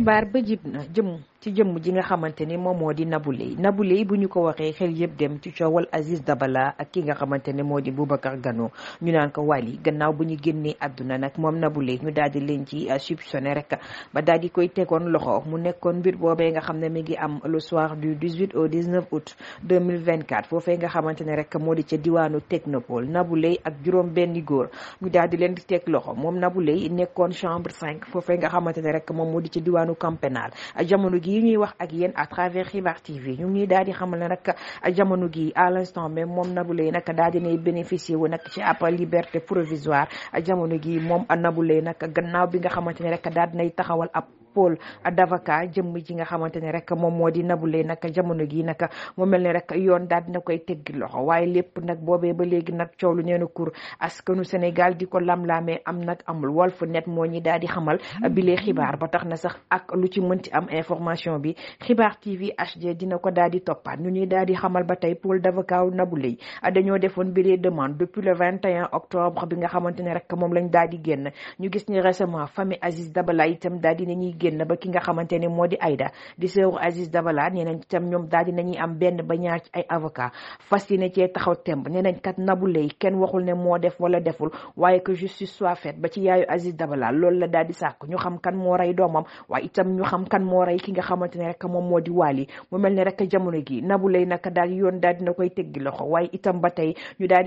barba jib na jëm ci jëmm ji nga xamante ne moom moo di nabu Leye nabu Leye bu ñu ko waxee xel yëpp dem ci coowal Aziz Dabala ak ki nga xamante ne moo di Boubacar Gano ñu naan ko yi gannaaw bu ñu génnee àdduna nag moom Nabou Leye ñu daal di leen ci euh, soupçonné rek ba daal di koy loxo mu nekkoon mbir boobee nga xam ne mi ngi am le soir du 18 au 19 août 2024 foofee nga xamante ne rek moo di ca diwaanu Technopole Nabou Leye ak juróom benn góor ñu daal di leen di teg loxo moom Nabou Leye nekkoon chambre 5 foofee nga xamante ne rek moom moo di ci diwaanu Camp pénal jamono gi gi ñuy wax ak yéen à travers Xibaar TV ñu ngi daal di xamal ne nag jamono gi à l'instant mais moom Nabou Leye nag daal dinay bénéficier wu nag ci apa liberté provisoire jamono gi moom Nabou Leye nag gannaaw bi nga xamante ne rek daal dinay taxawal ap pôle d'avocat jëmm ji nga xamante ne rek moom moo di nabule nag jamono gi nag mu mel ni rek yoon daal dina koy teggi loxo waaye lépp nag boobee ba léegi nag coow lu nee na kur askanu Sénégal di ko lamlaamee am nag amul Walf Net moo ñi daal di xamal bilee xibaar ba tax na sax ak lu ci mënti am information bi xibaar TV HD dina ko daal di toppaat ñu ñuy daal di xamal ba tey pôle d'avocat nabule dañoo defoon bilee demande depuis le 21 octobre bi nga xamante ne rek moom lañ daal di génn ñu gis ni récemment famille Aziz génn ba ne moo di Aïda di sœur Aziz Dabala nee nañ tam ñoom ba ñaar ci ay kenn waxul ne moo def wala deful waaye que justice soit faite ba ci yaayu Aziz Dabala loolu la daal di sàkk ñu xam kan moo rey doomam waaye itam ñu kan moo rey ki nga xamante ne rek moom moo di Wally mu mel ne rek jamono gi Nabou Leye naka daal yoon daal dina koy teggi loxo waaye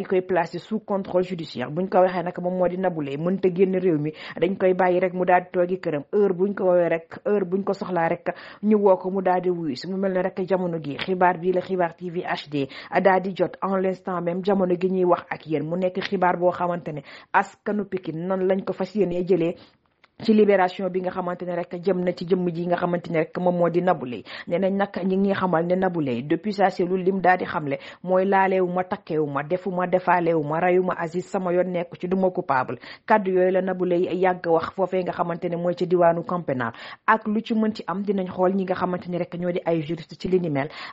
koy placer sous contrôle judiciaire buñ ko waxee nag moom moo di Nabou Leye mënta génn réew mi dañ koy bàyyi rek mu daal di toogi këram heure buñ ko woowee rek heure buñ ko soxlaa rek ñu woo ko mu daal di wuyu si mu mel ne rek jamono gi xibaar bii la xibaar TV HD daal di jot en l'instant même jamono gi ñuy wax ak yéen mu nekk xibaar boo xamante ne askanu piki nan lañ ko fas yéenee jële ci libération bi nga xamante ne rek jëm na ci jëmm ji nga xamante ne rek moom moo di Nabou Leye nee nañ ñi ngi xamal ne Nabou Leye depuis sa cellule lim daal di xamle mooy laaleewu ma takkeewu ma defu ma defaaleewu ma reyu ma Aziz sama yoon nekk ci duma ma coupable kaddu yooyu la Nabou Leye yàgg wax foofee nga xamante ne mooy ci diwaanu camp ak lu ci mën ci am dinañ xool ñi nga xamante ne rek ñoo di ay juriste ci li ni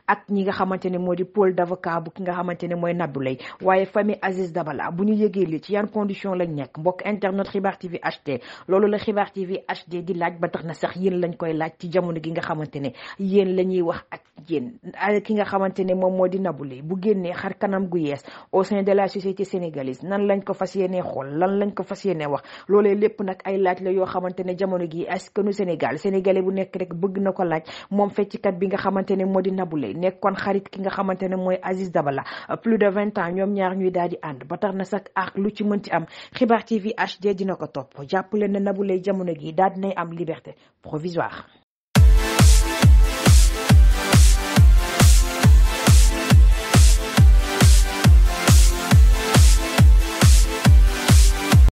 ak ñi nga xamante ne moo di pôle d'avocat bu ki nga xamante ne mooy Nabou Leye waaye famille bu ñu yëgee li ci yan condition lañ nekk mbokk internet Xibaar TV HT loolu Xibar TV HD di laaj ba tax na sax yéen lañ koy laaj ci jamono gi nga xamantene yéen lañuy wax ak jigéen ki nga xamante ne moom moo di Nabou Leye bu génnee xar kanam gu yees au sein de la société sénégalaise nan lañ ko fas yéenee xool nan lañ ko fas yéenee wax loole lépp nag ay laaj la yoo xamante ne jamono gi askanu Sénégal sénégalais bu nekk rek bëgg na ko laaj moom fecckat bi nga xamante ne moo di Nabou Leye xarit ki nga xamante ne mooy Aziz Dabala plus de vingt ans ñoom ñaar ñuy daal di ànd ba tax na sax ak lu ci mënti am xibaar TV HD dina ko topp jàpp leen ne Nabou Leye jamono gi daal dinay am liberté provisoire